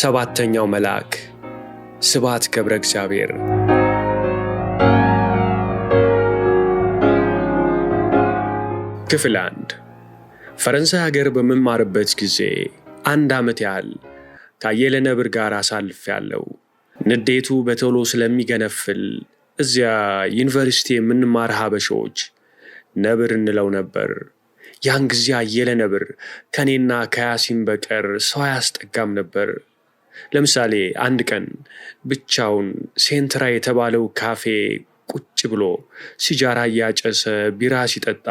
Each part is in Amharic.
ሰባተኛው መልአክ ስብሐት ገብረ እግዚአብሔር ክፍል አንድ ፈረንሳይ ሀገር በምማርበት ጊዜ አንድ ዓመት ያህል ከአየለ ነብር ጋር ያለው ንዴቱ በቶሎ ስለሚገነፍል እዚያ ዩኒቨርሲቲ የምንማር ሀበሾች ነብር እንለው ነበር። ያን ጊዜ አየለ ነብር ከእኔና ከያሲም በቀር ሰው አያስጠጋም ነበር። ለምሳሌ አንድ ቀን ብቻውን ሴንትራ የተባለው ካፌ ቁጭ ብሎ ሲጃራ እያጨሰ ቢራ ሲጠጣ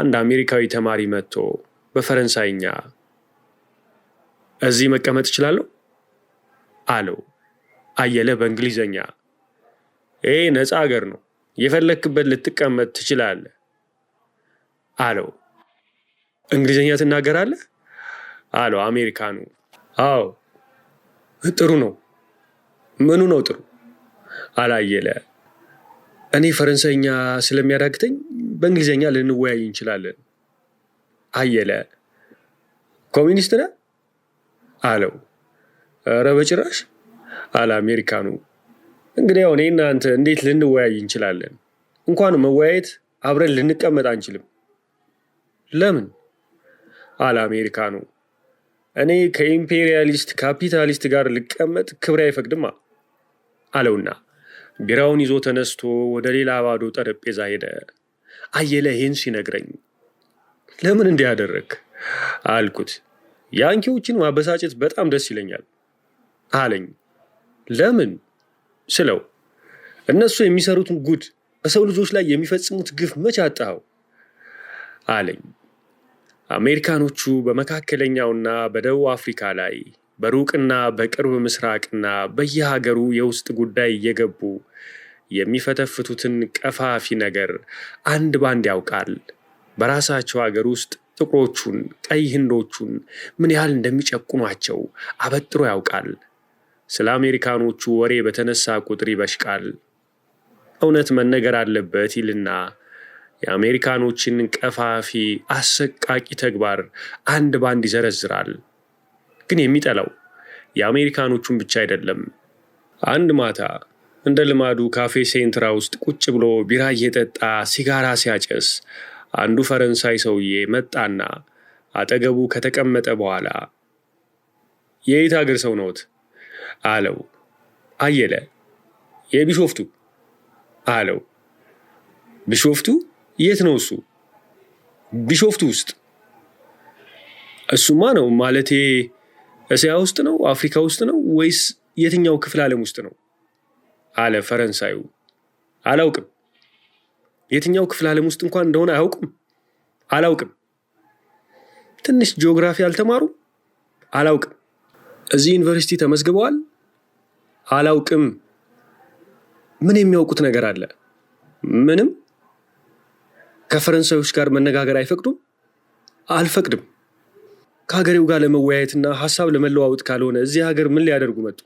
አንድ አሜሪካዊ ተማሪ መጥቶ በፈረንሳይኛ እዚህ መቀመጥ እችላለሁ አለው። አየለ በእንግሊዘኛ ይሄ ነፃ አገር ነው፣ የፈለክበት ልትቀመጥ ትችላለህ አለው። እንግሊዝኛ ትናገራለህ አለው አሜሪካኑ። አዎ ጥሩ ነው። ምኑ ነው ጥሩ? አላየለ እኔ ፈረንሳይኛ ስለሚያዳግተኝ በእንግሊዝኛ ልንወያይ እንችላለን። አየለ ኮሚኒስት ነህ አለው። ኧረ በጭራሽ አለ አሜሪካኑ። እንግዲያው እኔ እናንተ እንዴት ልንወያይ እንችላለን? እንኳን መወያየት አብረን ልንቀመጥ አንችልም። ለምን? አለ አሜሪካኑ። እኔ ከኢምፔሪያሊስት ካፒታሊስት ጋር ልቀመጥ ክብሬ አይፈቅድማ አለውና ቢራውን ይዞ ተነስቶ ወደ ሌላ ባዶ ጠረጴዛ ሄደ። አየለ ይህን ሲነግረኝ ለምን እንዲህ ያደረግ አልኩት። ያንኪዎችን ማበሳጨት በጣም ደስ ይለኛል አለኝ። ለምን ስለው እነሱ የሚሰሩትን ጉድ በሰው ልጆች ላይ የሚፈጽሙት ግፍ መቼ አጣኸው አለኝ። አሜሪካኖቹ በመካከለኛውና በደቡብ አፍሪካ ላይ በሩቅና በቅርብ ምስራቅና በየሀገሩ የውስጥ ጉዳይ እየገቡ የሚፈተፍቱትን ቀፋፊ ነገር አንድ ባንድ ያውቃል። በራሳቸው ሀገር ውስጥ ጥቁሮቹን፣ ቀይ ህንዶቹን ምን ያህል እንደሚጨቁኗቸው አበጥሮ ያውቃል። ስለ አሜሪካኖቹ ወሬ በተነሳ ቁጥር ይበሽቃል። እውነት መነገር አለበት ይልና የአሜሪካኖችን ቀፋፊ አሰቃቂ ተግባር አንድ ባንድ ይዘረዝራል። ግን የሚጠላው የአሜሪካኖቹን ብቻ አይደለም። አንድ ማታ እንደ ልማዱ ካፌ ሴንትራ ውስጥ ቁጭ ብሎ ቢራ እየጠጣ ሲጋራ ሲያጨስ አንዱ ፈረንሳይ ሰውዬ መጣና አጠገቡ ከተቀመጠ በኋላ የየት አገር ሰው ነዎት? አለው። አየለ የቢሾፍቱ አለው። ቢሾፍቱ የት ነው እሱ? ቢሾፍቱ ውስጥ። እሱማ ነው ማለቴ እስያ ውስጥ ነው? አፍሪካ ውስጥ ነው? ወይስ የትኛው ክፍለ ዓለም ውስጥ ነው? አለ ፈረንሳዩ። አላውቅም። የትኛው ክፍለ ዓለም ውስጥ እንኳን እንደሆነ አያውቅም። አላውቅም። ትንሽ ጂኦግራፊ አልተማሩም? አላውቅም። እዚህ ዩኒቨርሲቲ ተመዝግበዋል? አላውቅም። ምን የሚያውቁት ነገር አለ? ምንም ከፈረንሳዮች ጋር መነጋገር አይፈቅዱም? አልፈቅድም። ከሀገሬው ጋር ለመወያየትና ሀሳብ ለመለዋወጥ ካልሆነ እዚህ ሀገር ምን ሊያደርጉ መጡ?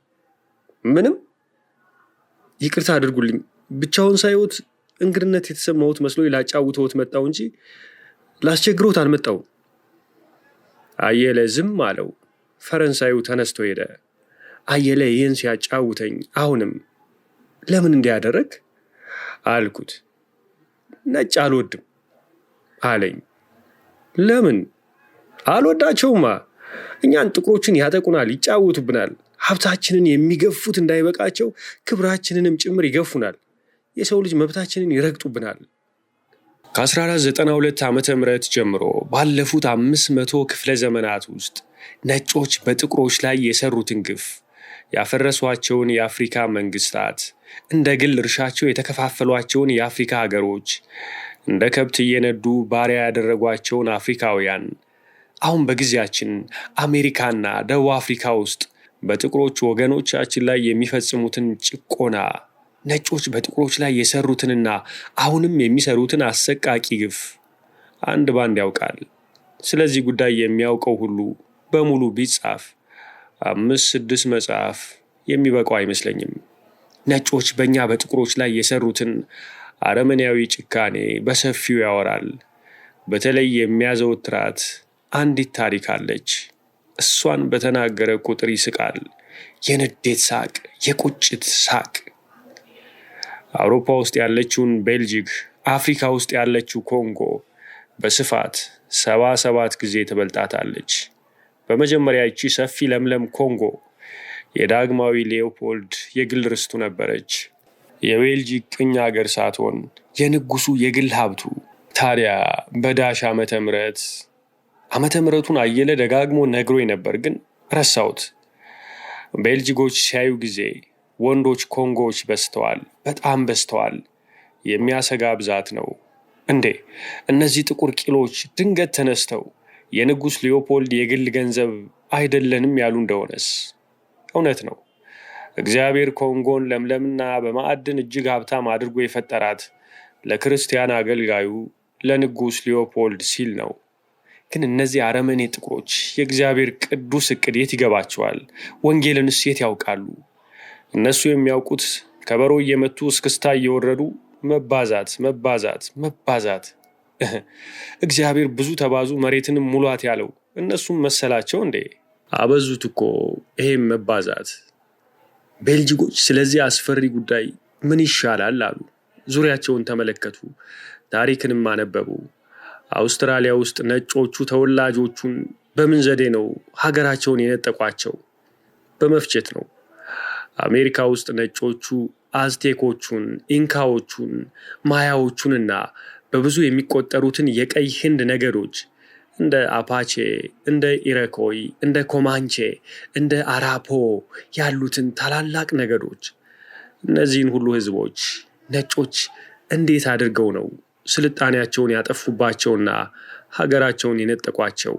ምንም። ይቅርታ አድርጉልኝ፣ ብቻውን ሳይወት እንግድነት የተሰማሁት መስሎ ላጫውተዎት መጣሁ እንጂ ላስቸግሮት አልመጣሁም። አየለ ዝም አለው። ፈረንሳዩ ተነስቶ ሄደ። አየለ ይህን ሲያጫውተኝ አሁንም ለምን እንዲያደረግ አልኩት። ነጭ አልወድም። አለኝ። ለምን? አልወዳቸውማ። እኛን ጥቁሮችን ያጠቁናል፣ ይጫወቱብናል። ሀብታችንን የሚገፉት እንዳይበቃቸው ክብራችንንም ጭምር ይገፉናል። የሰው ልጅ መብታችንን ይረግጡብናል። ከ1492 ዓ ም ጀምሮ ባለፉት 500 ክፍለ ዘመናት ውስጥ ነጮች በጥቁሮች ላይ የሰሩትን ግፍ ያፈረሷቸውን የአፍሪካ መንግስታት፣ እንደ ግል እርሻቸው የተከፋፈሏቸውን የአፍሪካ ሀገሮች እንደ ከብት እየነዱ ባሪያ ያደረጓቸውን አፍሪካውያን አሁን በጊዜያችን አሜሪካና ደቡብ አፍሪካ ውስጥ በጥቁሮች ወገኖቻችን ላይ የሚፈጽሙትን ጭቆና፣ ነጮች በጥቁሮች ላይ የሰሩትንና አሁንም የሚሰሩትን አሰቃቂ ግፍ አንድ ባንድ ያውቃል። ስለዚህ ጉዳይ የሚያውቀው ሁሉ በሙሉ ቢጻፍ አምስት ስድስት መጽሐፍ የሚበቃው አይመስለኝም። ነጮች በእኛ በጥቁሮች ላይ የሰሩትን አረመኔያዊ ጭካኔ በሰፊው ያወራል። በተለይ የሚያዘወትራት አንዲት ታሪክ አለች። እሷን በተናገረ ቁጥር ይስቃል። የንዴት ሳቅ፣ የቁጭት ሳቅ። አውሮፓ ውስጥ ያለችውን ቤልጂክ፣ አፍሪካ ውስጥ ያለችው ኮንጎ በስፋት ሰባ ሰባት ጊዜ ትበልጣታለች። በመጀመሪያ ይቺ ሰፊ ለምለም ኮንጎ የዳግማዊ ሌኦፖልድ የግል ርስቱ ነበረች። የቤልጂክ ቅኝ ሀገር ሳትሆን የንጉሱ የግል ሀብቱ። ታዲያ በዳሽ ዓመተ ምሕረት ዓመተ ምሕረቱን አየለ ደጋግሞ ነግሮኝ ነበር፣ ግን ረሳሁት። ቤልጂጎች ሲያዩ ጊዜ ወንዶች ኮንጎዎች በዝተዋል፣ በጣም በዝተዋል። የሚያሰጋ ብዛት ነው። እንዴ እነዚህ ጥቁር ቂሎች ድንገት ተነስተው የንጉሥ ሊዮፖልድ የግል ገንዘብ አይደለንም ያሉ እንደሆነስ? እውነት ነው። እግዚአብሔር ኮንጎን ለምለምና በማዕድን እጅግ ሀብታም አድርጎ የፈጠራት ለክርስቲያን አገልጋዩ ለንጉሥ ሊዮፖልድ ሲል ነው። ግን እነዚህ አረመኔ ጥቁሮች የእግዚአብሔር ቅዱስ እቅድ የት ይገባቸዋል? ወንጌልንስ የት ያውቃሉ? እነሱ የሚያውቁት ከበሮ እየመቱ እስክስታ እየወረዱ መባዛት፣ መባዛት፣ መባዛት። እግዚአብሔር ብዙ ተባዙ መሬትንም ሙሏት ያለው እነሱም መሰላቸው እንዴ? አበዙት እኮ ይሄም መባዛት ቤልጅጎች ስለዚህ አስፈሪ ጉዳይ ምን ይሻላል አሉ። ዙሪያቸውን ተመለከቱ፣ ታሪክንም አነበቡ። አውስትራሊያ ውስጥ ነጮቹ ተወላጆቹን በምን ዘዴ ነው ሀገራቸውን የነጠቋቸው? በመፍጀት ነው። አሜሪካ ውስጥ ነጮቹ አዝቴኮቹን፣ ኢንካዎቹን፣ ማያዎቹንና በብዙ የሚቆጠሩትን የቀይ ህንድ ነገዶች እንደ አፓቼ፣ እንደ ኢረኮይ፣ እንደ ኮማንቼ፣ እንደ አራፖ ያሉትን ታላላቅ ነገዶች እነዚህን ሁሉ ህዝቦች ነጮች እንዴት አድርገው ነው ስልጣኔያቸውን ያጠፉባቸውና ሀገራቸውን የነጠቋቸው?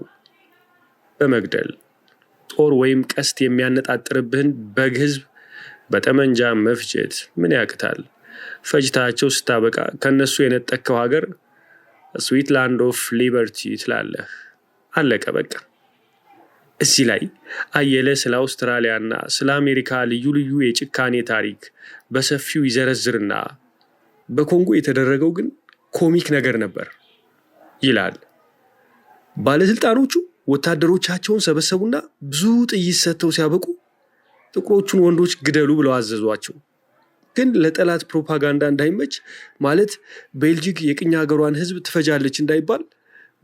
በመግደል ጦር ወይም ቀስት የሚያነጣጥርብህን በግ ህዝብ በጠመንጃ መፍጀት ምን ያቅታል? ፈጅታቸው ስታበቃ ከእነሱ የነጠቅከው ሀገር ስዊትላንድ ኦፍ ሊበርቲ ትላለህ። አለቀ በቃ። እዚህ ላይ አየለ ስለ አውስትራሊያና ስለ አሜሪካ ልዩ ልዩ የጭካኔ ታሪክ በሰፊው ይዘረዝርና በኮንጎ የተደረገው ግን ኮሚክ ነገር ነበር ይላል። ባለስልጣኖቹ ወታደሮቻቸውን ሰበሰቡና ብዙ ጥይት ሰጥተው ሲያበቁ ጥቁሮቹን ወንዶች ግደሉ ብለው አዘዟቸው። ግን ለጠላት ፕሮፓጋንዳ እንዳይመች ማለት ቤልጂክ የቅኝ ሀገሯን ህዝብ ትፈጃለች እንዳይባል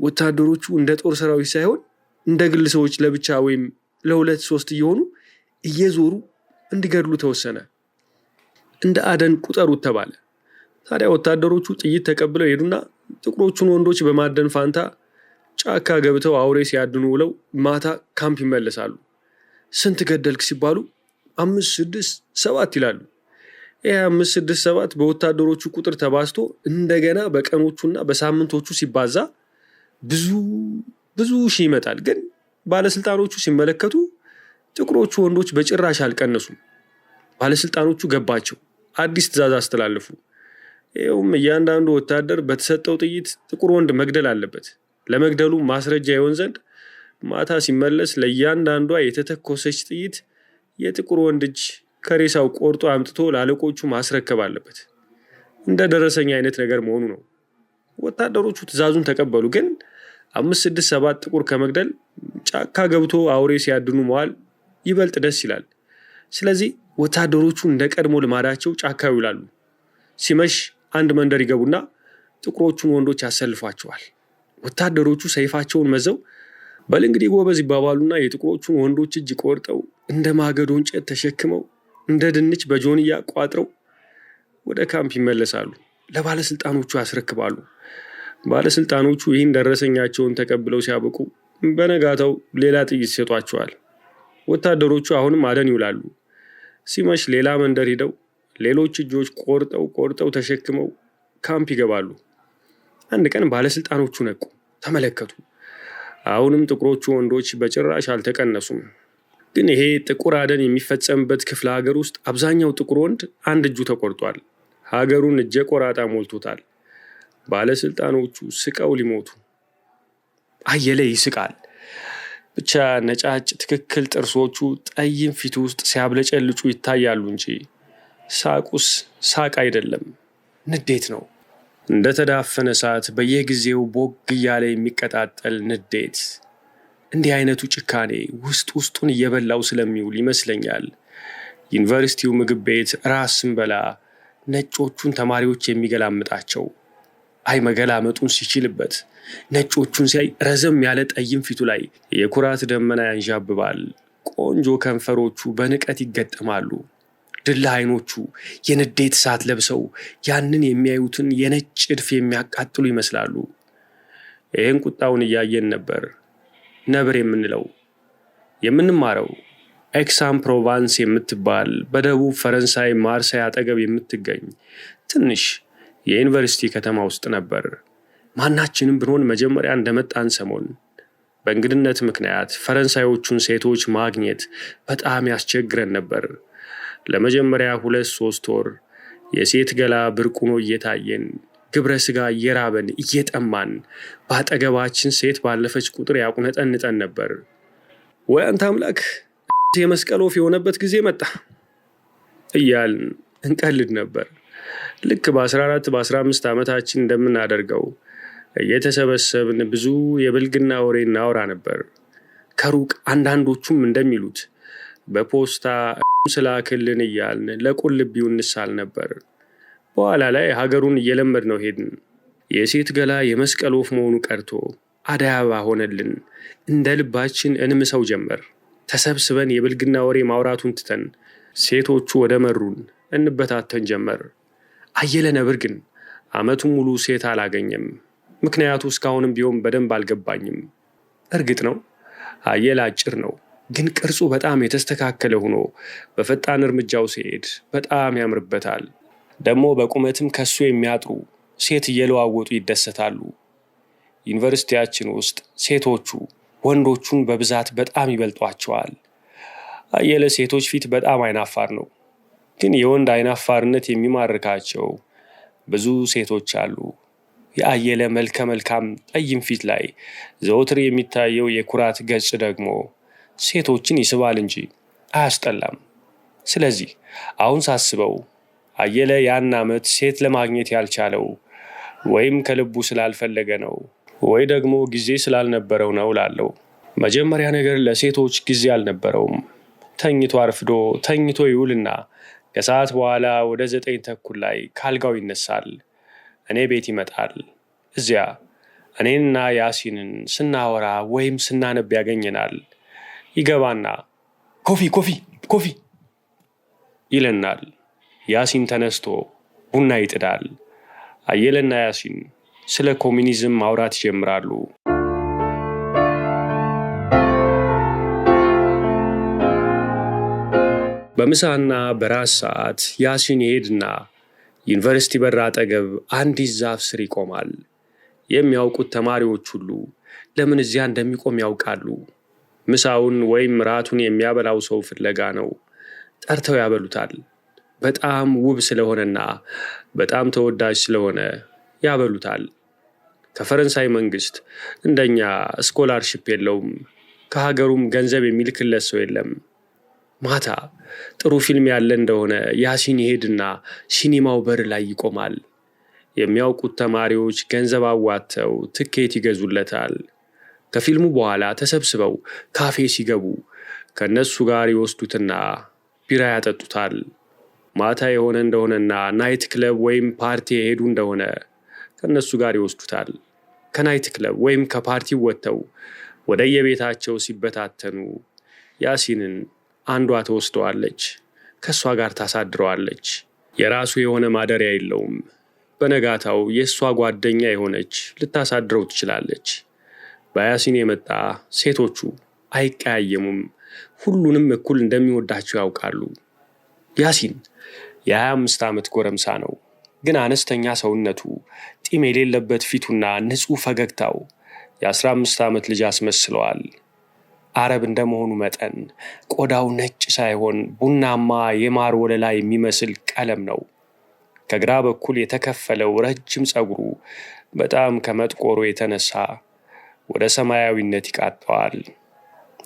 ወታደሮቹ እንደ ጦር ሰራዊት ሳይሆን እንደ ግል ሰዎች ለብቻ ወይም ለሁለት ሶስት እየሆኑ እየዞሩ እንዲገድሉ ተወሰነ። እንደ አደን ቁጠሩት ተባለ። ታዲያ ወታደሮቹ ጥይት ተቀብለው ሄዱና ጥቁሮቹን ወንዶች በማደን ፋንታ ጫካ ገብተው አውሬ ሲያድኑ ውለው ማታ ካምፕ ይመለሳሉ። ስንት ገደልክ ሲባሉ አምስት፣ ስድስት፣ ሰባት ይላሉ። ስድስት ሰባት በወታደሮቹ ቁጥር ተባዝቶ እንደገና በቀኖቹና በሳምንቶቹ ሲባዛ ብዙ ብዙ ሺህ ይመጣል። ግን ባለስልጣኖቹ ሲመለከቱ ጥቁሮቹ ወንዶች በጭራሽ አልቀነሱም። ባለስልጣኖቹ ገባቸው፣ አዲስ ትዕዛዝ አስተላለፉ። ይኸውም እያንዳንዱ ወታደር በተሰጠው ጥይት ጥቁር ወንድ መግደል አለበት። ለመግደሉ ማስረጃ ይሆን ዘንድ ማታ ሲመለስ ለእያንዳንዷ የተተኮሰች ጥይት የጥቁር ወንድ እጅ ከሬሳው ቆርጦ አምጥቶ ለአለቆቹ ማስረከብ አለበት። እንደ ደረሰኛ አይነት ነገር መሆኑ ነው። ወታደሮቹ ትዕዛዙን ተቀበሉ። ግን አምስት ስድስት ሰባት ጥቁር ከመግደል ጫካ ገብቶ አውሬ ሲያድኑ መዋል ይበልጥ ደስ ይላል። ስለዚህ ወታደሮቹ እንደ ቀድሞ ልማዳቸው ጫካ ይውላሉ። ሲመሽ አንድ መንደር ይገቡና ጥቁሮቹን ወንዶች ያሰልፏቸዋል። ወታደሮቹ ሰይፋቸውን መዘው በል እንግዲህ ጎበዝ ይባባሉና የጥቁሮቹን ወንዶች እጅ ቆርጠው እንደ ማገዶ እንጨት ተሸክመው እንደ ድንች በጆንያ ቋጥረው ወደ ካምፕ ይመለሳሉ፣ ለባለስልጣኖቹ ያስረክባሉ። ባለስልጣኖቹ ይህን ደረሰኛቸውን ተቀብለው ሲያበቁ በነጋታው ሌላ ጥይት ይሰጧቸዋል። ወታደሮቹ አሁንም አደን ይውላሉ። ሲመሽ ሌላ መንደር ሂደው ሌሎች እጆች ቆርጠው ቆርጠው ተሸክመው ካምፕ ይገባሉ። አንድ ቀን ባለስልጣኖቹ ነቁ፣ ተመለከቱ። አሁንም ጥቁሮቹ ወንዶች በጭራሽ አልተቀነሱም። ግን ይሄ ጥቁር አደን የሚፈጸምበት ክፍለ ሀገር ውስጥ አብዛኛው ጥቁር ወንድ አንድ እጁ ተቆርጧል። ሀገሩን እጀ ቆራጣ ሞልቶታል። ባለስልጣኖቹ ስቀው ሊሞቱ። አየለ ይስቃል። ብቻ ነጫጭ ትክክል ጥርሶቹ ጠይም ፊቱ ውስጥ ሲያብለጨልጩ ይታያሉ እንጂ ሳቁስ ሳቅ አይደለም፣ ንዴት ነው። እንደተዳፈነ እሳት በየጊዜው ቦግ እያለ የሚቀጣጠል ንዴት። እንዲህ አይነቱ ጭካኔ ውስጥ ውስጡን እየበላው ስለሚውል ይመስለኛል ዩኒቨርሲቲው ምግብ ቤት ራስን በላ ነጮቹን ተማሪዎች የሚገላምጣቸው አይ መገላመጡን ሲችልበት ነጮቹን ሲያይ ረዘም ያለ ጠይም ፊቱ ላይ የኩራት ደመና ያንዣብባል። ቆንጆ ከንፈሮቹ በንቀት ይገጠማሉ። ድላ አይኖቹ የንዴት እሳት ለብሰው ያንን የሚያዩትን የነጭ እድፍ የሚያቃጥሉ ይመስላሉ። ይህን ቁጣውን እያየን ነበር። ነብር የምንለው የምንማረው ኤክሳም ፕሮቫንስ የምትባል በደቡብ ፈረንሳይ ማርሳይ አጠገብ የምትገኝ ትንሽ የዩኒቨርሲቲ ከተማ ውስጥ ነበር። ማናችንም ብንሆን መጀመሪያ እንደመጣን ሰሞን በእንግድነት ምክንያት ፈረንሳዮቹን ሴቶች ማግኘት በጣም ያስቸግረን ነበር። ለመጀመሪያ ሁለት ሶስት ወር የሴት ገላ ብርቁኖ እየታየን ግብረ ስጋ እየራበን እየጠማን በአጠገባችን ሴት ባለፈች ቁጥር ያቁነጠንጠን ነበር። ወይ አንተ አምላክ የመስቀል ወፍ የሆነበት ጊዜ መጣ እያልን እንቀልድ ነበር። ልክ በ14 በ15 ዓመታችን እንደምናደርገው እየተሰበሰብን ብዙ የብልግና ወሬ እናወራ ነበር። ከሩቅ አንዳንዶቹም እንደሚሉት በፖስታ ስላክልን እያልን ለቁልቢው እንሳል ነበር። በኋላ ላይ ሀገሩን እየለመድ ነው ሄድን። የሴት ገላ የመስቀል ወፍ መሆኑ ቀርቶ አደይ አበባ ሆነልን። እንደ ልባችን እንምሰው ጀመር። ተሰብስበን የብልግና ወሬ ማውራቱን ትተን ሴቶቹ ወደ መሩን እንበታተን ጀመር። አየለ ነብር ግን ዓመቱን ሙሉ ሴት አላገኘም። ምክንያቱ እስካሁንም ቢሆን በደንብ አልገባኝም። እርግጥ ነው አየለ አጭር ነው፣ ግን ቅርጹ በጣም የተስተካከለ ሆኖ በፈጣን እርምጃው ሲሄድ በጣም ያምርበታል። ደግሞ በቁመትም ከሱ የሚያጥሩ ሴት እየለዋወጡ ይደሰታሉ። ዩኒቨርሲቲያችን ውስጥ ሴቶቹ ወንዶቹን በብዛት በጣም ይበልጧቸዋል። አየለ ሴቶች ፊት በጣም አይናፋር ነው። ግን የወንድ አይናፋርነት የሚማርካቸው ብዙ ሴቶች አሉ። የአየለ መልከ መልካም ጠይም ፊት ላይ ዘወትር የሚታየው የኩራት ገጽ ደግሞ ሴቶችን ይስባል እንጂ አያስጠላም። ስለዚህ አሁን ሳስበው አየለ ያን ዓመት ሴት ለማግኘት ያልቻለው ወይም ከልቡ ስላልፈለገ ነው ወይ ደግሞ ጊዜ ስላልነበረው ነው ላለው። መጀመሪያ ነገር ለሴቶች ጊዜ አልነበረውም። ተኝቶ አርፍዶ ተኝቶ ይውልና ከሰዓት በኋላ ወደ ዘጠኝ ተኩል ላይ ካልጋው ይነሳል። እኔ ቤት ይመጣል። እዚያ እኔንና ያሲንን ስናወራ ወይም ስናነብ ያገኘናል። ይገባና ኮፊ ኮፊ ኮፊ ይለናል። ያሲን ተነስቶ ቡና ይጥዳል። አየለና ያሲን ስለ ኮሚኒዝም ማውራት ይጀምራሉ። በምሳና በራስ ሰዓት ያሲን ይሄድና ዩኒቨርሲቲ በር አጠገብ አንዲት ዛፍ ስር ይቆማል። የሚያውቁት ተማሪዎች ሁሉ ለምን እዚያ እንደሚቆም ያውቃሉ። ምሳውን ወይም ራቱን የሚያበላው ሰው ፍለጋ ነው። ጠርተው ያበሉታል። በጣም ውብ ስለሆነና በጣም ተወዳጅ ስለሆነ ያበሉታል። ከፈረንሳይ መንግስት እንደኛ ስኮላርሺፕ የለውም። ከሀገሩም ገንዘብ የሚልክለት ሰው የለም። ማታ ጥሩ ፊልም ያለ እንደሆነ ያሲን ይሄድና ሲኒማው በር ላይ ይቆማል። የሚያውቁት ተማሪዎች ገንዘብ አዋተው ትኬት ይገዙለታል። ከፊልሙ በኋላ ተሰብስበው ካፌ ሲገቡ ከእነሱ ጋር ይወስዱትና ቢራ ያጠጡታል። ማታ የሆነ እንደሆነና ናይት ክለብ ወይም ፓርቲ የሄዱ እንደሆነ ከእነሱ ጋር ይወስዱታል። ከናይት ክለብ ወይም ከፓርቲ ወጥተው ወደ የቤታቸው ሲበታተኑ ያሲንን አንዷ ተወስደዋለች፣ ከእሷ ጋር ታሳድረዋለች። የራሱ የሆነ ማደሪያ የለውም። በነጋታው የእሷ ጓደኛ የሆነች ልታሳድረው ትችላለች። በያሲን የመጣ ሴቶቹ አይቀያየሙም፣ ሁሉንም እኩል እንደሚወዳቸው ያውቃሉ። ያሲን የ25 ዓመት ጎረምሳ ነው። ግን አነስተኛ ሰውነቱ፣ ጢም የሌለበት ፊቱና ንጹህ ፈገግታው የ15 ዓመት ልጅ አስመስለዋል። አረብ እንደመሆኑ መጠን ቆዳው ነጭ ሳይሆን ቡናማ የማር ወለላ የሚመስል ቀለም ነው። ከግራ በኩል የተከፈለው ረጅም ፀጉሩ በጣም ከመጥቆሩ የተነሳ ወደ ሰማያዊነት ይቃጠዋል፣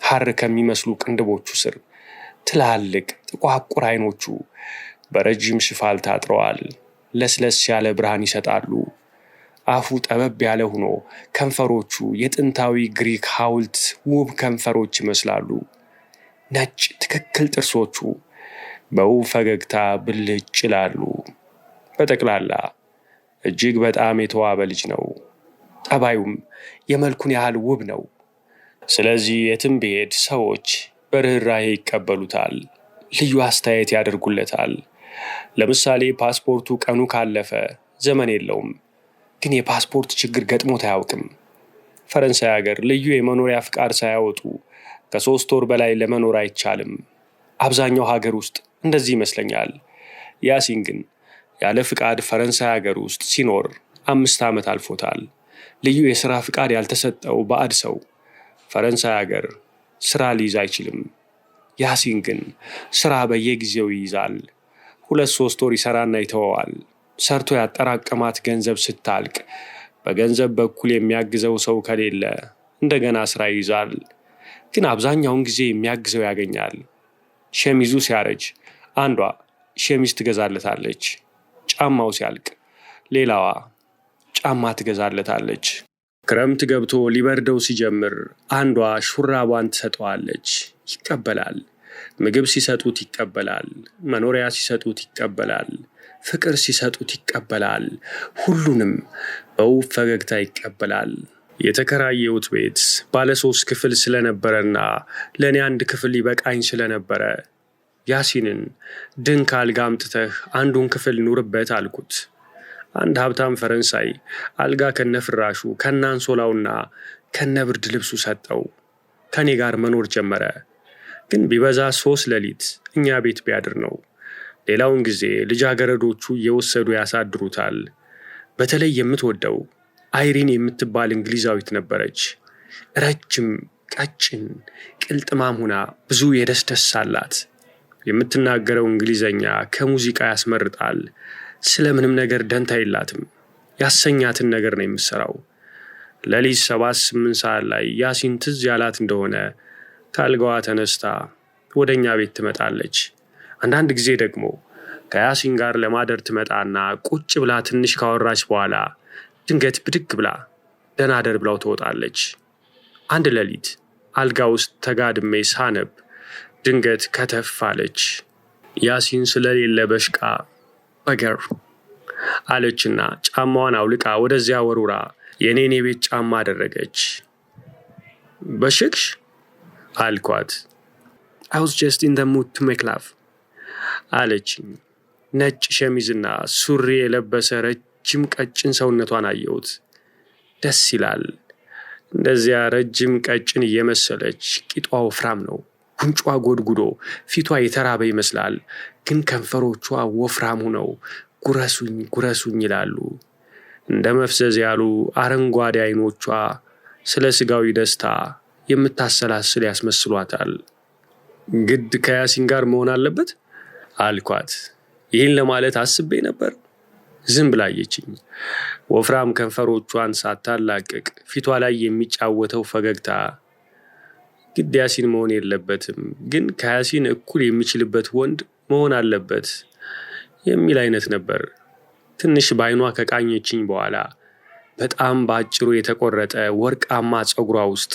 ሐር ከሚመስሉ ቅንድቦቹ ስር ትላልቅ ጥቋቁር አይኖቹ በረጅም ሽፋል ታጥረዋል። ለስለስ ያለ ብርሃን ይሰጣሉ። አፉ ጠበብ ያለ ሆኖ ከንፈሮቹ የጥንታዊ ግሪክ ሐውልት ውብ ከንፈሮች ይመስላሉ። ነጭ ትክክል ጥርሶቹ በውብ ፈገግታ ብልጭ ይላሉ። በጠቅላላ እጅግ በጣም የተዋበ ልጅ ነው። ጠባዩም የመልኩን ያህል ውብ ነው። ስለዚህ የትም ብሄድ ሰዎች በርኅራሄ ይቀበሉታል፣ ልዩ አስተያየት ያደርጉለታል። ለምሳሌ ፓስፖርቱ ቀኑ ካለፈ ዘመን የለውም፣ ግን የፓስፖርት ችግር ገጥሞት አያውቅም። ፈረንሳይ ሀገር ልዩ የመኖሪያ ፍቃድ ሳያወጡ ከሶስት ወር በላይ ለመኖር አይቻልም። አብዛኛው ሀገር ውስጥ እንደዚህ ይመስለኛል። ያሲን ግን ያለ ፍቃድ ፈረንሳይ ሀገር ውስጥ ሲኖር አምስት ዓመት አልፎታል። ልዩ የሥራ ፍቃድ ያልተሰጠው ባዕድ ሰው ፈረንሳይ ሀገር ስራ ሊይዝ አይችልም። ያሲን ግን ስራ በየጊዜው ይይዛል። ሁለት ሶስት ወር ይሰራና ይተወዋል። ሰርቶ ያጠራቀማት ገንዘብ ስታልቅ በገንዘብ በኩል የሚያግዘው ሰው ከሌለ እንደገና ስራ ይይዛል። ግን አብዛኛውን ጊዜ የሚያግዘው ያገኛል። ሸሚዙ ሲያረጅ አንዷ ሸሚዝ ትገዛለታለች። ጫማው ሲያልቅ ሌላዋ ጫማ ትገዛለታለች። ክረምት ገብቶ ሊበርደው ሲጀምር አንዷ ሹራቧን ትሰጠዋለች። ይቀበላል። ምግብ ሲሰጡት ይቀበላል። መኖሪያ ሲሰጡት ይቀበላል። ፍቅር ሲሰጡት ይቀበላል። ሁሉንም በውብ ፈገግታ ይቀበላል። የተከራየሁት ቤት ባለሶስት ክፍል ስለነበረና ለእኔ አንድ ክፍል ይበቃኝ ስለነበረ ያሲንን ድንክ አልጋ አምጥተህ አንዱን ክፍል ኑርበት አልኩት። አንድ ሀብታም ፈረንሳይ አልጋ ከነፍራሹ ከነአንሶላውና ከነብርድ ልብሱ ሰጠው። ከኔ ጋር መኖር ጀመረ። ግን ቢበዛ ሶስት ሌሊት እኛ ቤት ቢያድር ነው። ሌላውን ጊዜ ልጃገረዶቹ እየወሰዱ ያሳድሩታል። በተለይ የምትወደው አይሪን የምትባል እንግሊዛዊት ነበረች። ረጅም፣ ቀጭን፣ ቅልጥማም ሁና ብዙ የደስ ደስ አላት። የምትናገረው እንግሊዘኛ ከሙዚቃ ያስመርጣል። ስለምንም ነገር ደንታ የላትም። ያሰኛትን ነገር ነው የምትሰራው። ለሊት ሰባት ስምንት ሰዓት ላይ ያሲን ትዝ ያላት እንደሆነ ከአልጋዋ ተነስታ ወደ እኛ ቤት ትመጣለች። አንዳንድ ጊዜ ደግሞ ከያሲን ጋር ለማደር ትመጣና ቁጭ ብላ ትንሽ ካወራች በኋላ ድንገት ብድግ ብላ ደህና ደር ብላው ትወጣለች። አንድ ሌሊት አልጋ ውስጥ ተጋድሜ ሳነብ ድንገት ከተፍ አለች። ያሲን ስለሌለ በሽቃ ነገር አለችና ጫማዋን አውልቃ ወደዚያ ወሩራ የእኔን የቤት ጫማ አደረገች። በሽክሽ አልኳት። አውስ ጀስት ኢን ሙድ ቱ ሜክ ላቭ አለችኝ። ነጭ ሸሚዝና ሱሪ የለበሰ ረጅም ቀጭን ሰውነቷን አየሁት። ደስ ይላል። እንደዚያ ረጅም ቀጭን እየመሰለች ቂጧ ወፍራም ነው። ጉንጯ ጎድጉዶ ፊቷ የተራበ ይመስላል፣ ግን ከንፈሮቿ ወፍራም ሆነው ጉረሱኝ ጉረሱኝ ይላሉ። እንደ መፍዘዝ ያሉ አረንጓዴ አይኖቿ ስለ ስጋዊ ደስታ የምታሰላስል ያስመስሏታል። ግድ ከያሲን ጋር መሆን አለበት አልኳት። ይህን ለማለት አስቤ ነበር። ዝም ብላየችኝ። ወፍራም ከንፈሮቿን ሳታላቅቅ ፊቷ ላይ የሚጫወተው ፈገግታ ግድ ያሲን መሆን የለበትም ግን ከያሲን እኩል የሚችልበት ወንድ መሆን አለበት የሚል አይነት ነበር። ትንሽ በአይኗ ከቃኘችኝ በኋላ በጣም በአጭሩ የተቆረጠ ወርቃማ ፀጉሯ ውስጥ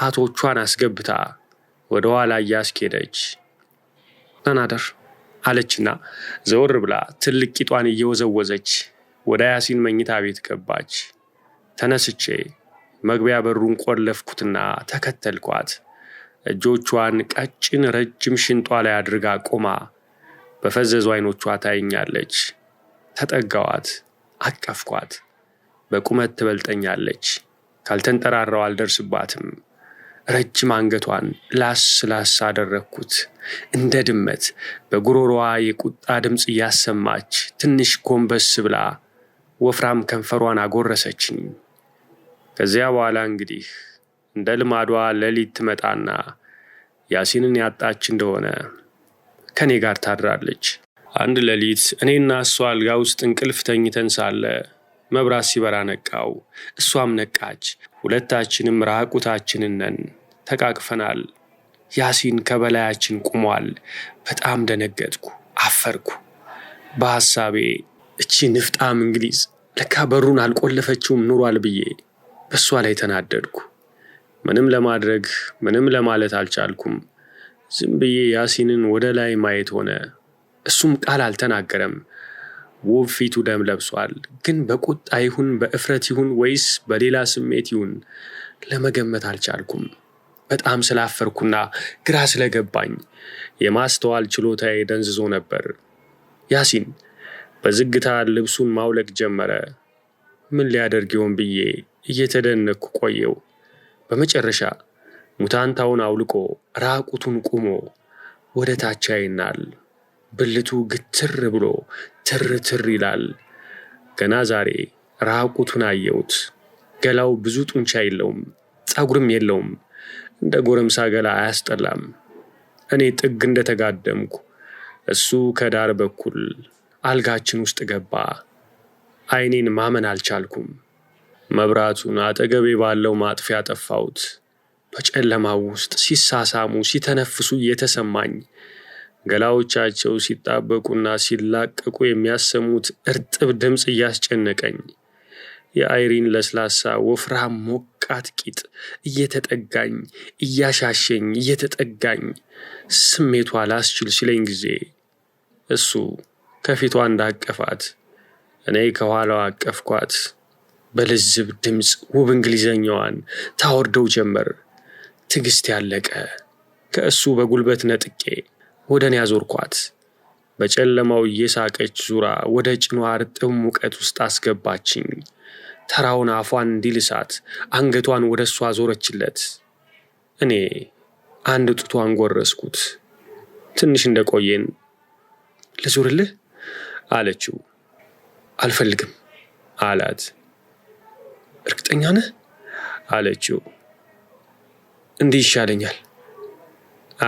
ጣቶቿን አስገብታ ወደ ኋላ እያስኬደች ተናደር አለችና ዘወር ብላ ትልቅ ቂጧን እየወዘወዘች ወደ ያሲን መኝታ ቤት ገባች። ተነስቼ መግቢያ በሩን ቆለፍኩትና ተከተልኳት። እጆቿን ቀጭን ረጅም ሽንጧ ላይ አድርጋ ቆማ በፈዘዙ አይኖቿ ታይኛለች። ተጠጋዋት፣ አቀፍኳት። በቁመት ትበልጠኛለች። ካልተንጠራራው አልደርስባትም። ረጅም አንገቷን ላስ ላስ አደረግኩት። እንደ ድመት በጉሮሮዋ የቁጣ ድምፅ እያሰማች ትንሽ ጎንበስ ብላ ወፍራም ከንፈሯን አጎረሰችኝ። ከዚያ በኋላ እንግዲህ እንደ ልማዷ ሌሊት ትመጣና ያሲንን ያጣች እንደሆነ ከእኔ ጋር ታድራለች። አንድ ሌሊት እኔና እሷ አልጋ ውስጥ እንቅልፍ ተኝተን ሳለ መብራት ሲበራ ነቃው፣ እሷም ነቃች። ሁለታችንም ራቁታችንን ነን፣ ተቃቅፈናል። ያሲን ከበላያችን ቁሟል። በጣም ደነገጥኩ፣ አፈርኩ። በሐሳቤ እቺ ንፍጣም እንግሊዝ ለካ በሩን አልቆለፈችውም ኑሯል ብዬ በእሷ ላይ ተናደድኩ። ምንም ለማድረግ ምንም ለማለት አልቻልኩም። ዝም ብዬ ያሲንን ወደ ላይ ማየት ሆነ። እሱም ቃል አልተናገረም። ውብ ፊቱ ደም ለብሷል። ግን በቁጣ ይሁን በእፍረት ይሁን ወይስ በሌላ ስሜት ይሁን ለመገመት አልቻልኩም። በጣም ስላፈርኩና ግራ ስለገባኝ የማስተዋል ችሎታዬ ደንዝዞ ነበር። ያሲን በዝግታ ልብሱን ማውለቅ ጀመረ። ምን ሊያደርግ ይሆን ብዬ እየተደነኩ ቆየው። በመጨረሻ ሙታንታውን አውልቆ ራቁቱን ቁሞ ወደ ታች ያይናል። ብልቱ ግትር ብሎ ትርትር ይላል። ገና ዛሬ ራቁቱን አየሁት። ገላው ብዙ ጡንቻ የለውም፣ ጸጉርም የለውም። እንደ ጎረምሳ ገላ አያስጠላም። እኔ ጥግ እንደተጋደምኩ እሱ ከዳር በኩል አልጋችን ውስጥ ገባ። አይኔን ማመን አልቻልኩም። መብራቱን አጠገቤ ባለው ማጥፊያ ጠፋሁት። በጨለማው ውስጥ ሲሳሳሙ ሲተነፍሱ እየተሰማኝ ገላዎቻቸው ሲጣበቁና ሲላቀቁ የሚያሰሙት እርጥብ ድምፅ እያስጨነቀኝ የአይሪን ለስላሳ ወፍራም ሞቃት ቂጥ እየተጠጋኝ እያሻሸኝ እየተጠጋኝ ስሜቷ ላስችል ሲለኝ ጊዜ እሱ ከፊቷ እንዳቀፋት እኔ ከኋላዋ አቀፍኳት። በልዝብ ድምፅ ውብ እንግሊዘኛዋን ታወርደው ጀመር። ትግስት ያለቀ ከእሱ በጉልበት ነጥቄ ወደ እኔ አዞርኳት። በጨለማው እየሳቀች ዙራ ወደ ጭኗ እርጥብ ሙቀት ውስጥ አስገባችኝ። ተራውን አፏን እንዲልሳት አንገቷን ወደ እሷ አዞረችለት። እኔ አንድ ጡቷን ጎረስኩት። ትንሽ እንደቆየን ልዙርልህ አለችው። አልፈልግም አላት። እርግጠኛ ነህ አለችው። እንዲህ ይሻለኛል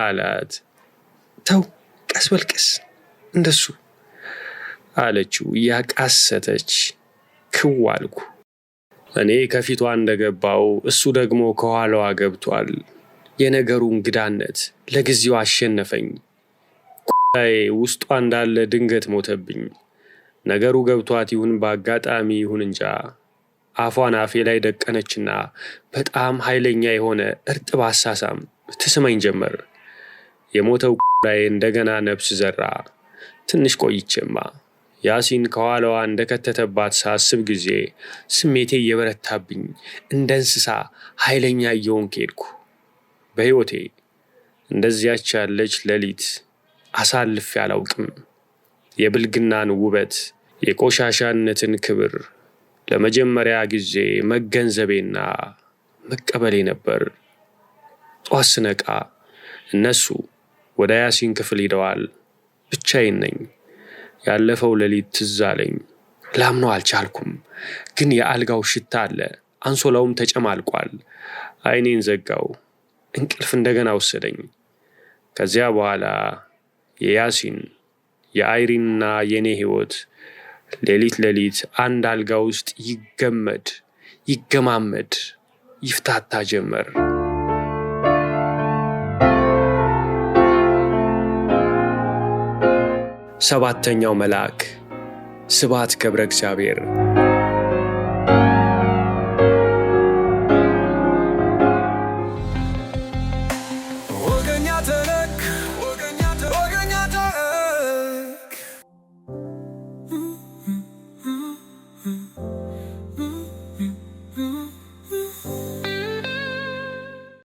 አላት። ተው ቀስ በልቀስ እንደሱ አለችው ያቃሰተች። ክው አልኩ። እኔ ከፊቷ እንደገባው እሱ ደግሞ ከኋላዋ ገብቷል። የነገሩ እንግዳነት ለጊዜው አሸነፈኝ። ቆዳዬ ውስጧ እንዳለ ድንገት ሞተብኝ። ነገሩ ገብቷት ይሁን በአጋጣሚ ይሁን እንጃ አፏን አፌ ላይ ደቀነችና በጣም ኃይለኛ የሆነ እርጥብ አሳሳም ትስመኝ ጀመር። የሞተው ላይ እንደገና ነብስ ዘራ። ትንሽ ቆይቼማ ያሲን ከኋላዋ እንደከተተባት ሳስብ ጊዜ ስሜቴ እየበረታብኝ እንደ እንስሳ ኃይለኛ እየሆን ሄድኩ። በሕይወቴ እንደዚያች ያለች ሌሊት አሳልፌ አላውቅም። የብልግናን ውበት፣ የቆሻሻነትን ክብር ለመጀመሪያ ጊዜ መገንዘቤና መቀበሌ ነበር። ጧት ስነቃ እነሱ ወደ ያሲን ክፍል ሂደዋል። ብቻዬን ነኝ። ያለፈው ሌሊት ትዝ አለኝ። ላምነው አልቻልኩም፣ ግን የአልጋው ሽታ አለ፣ አንሶላውም ተጨማልቋል። አይኔን ዘጋው። እንቅልፍ እንደገና ወሰደኝ። ከዚያ በኋላ የያሲን የአይሪንና የእኔ ሕይወት ሌሊት ሌሊት አንድ አልጋ ውስጥ ይገመድ ይገማመድ ይፍታታ ጀመር። ሰባተኛው መልአክ ስብሐት ገብረ እግዚአብሔር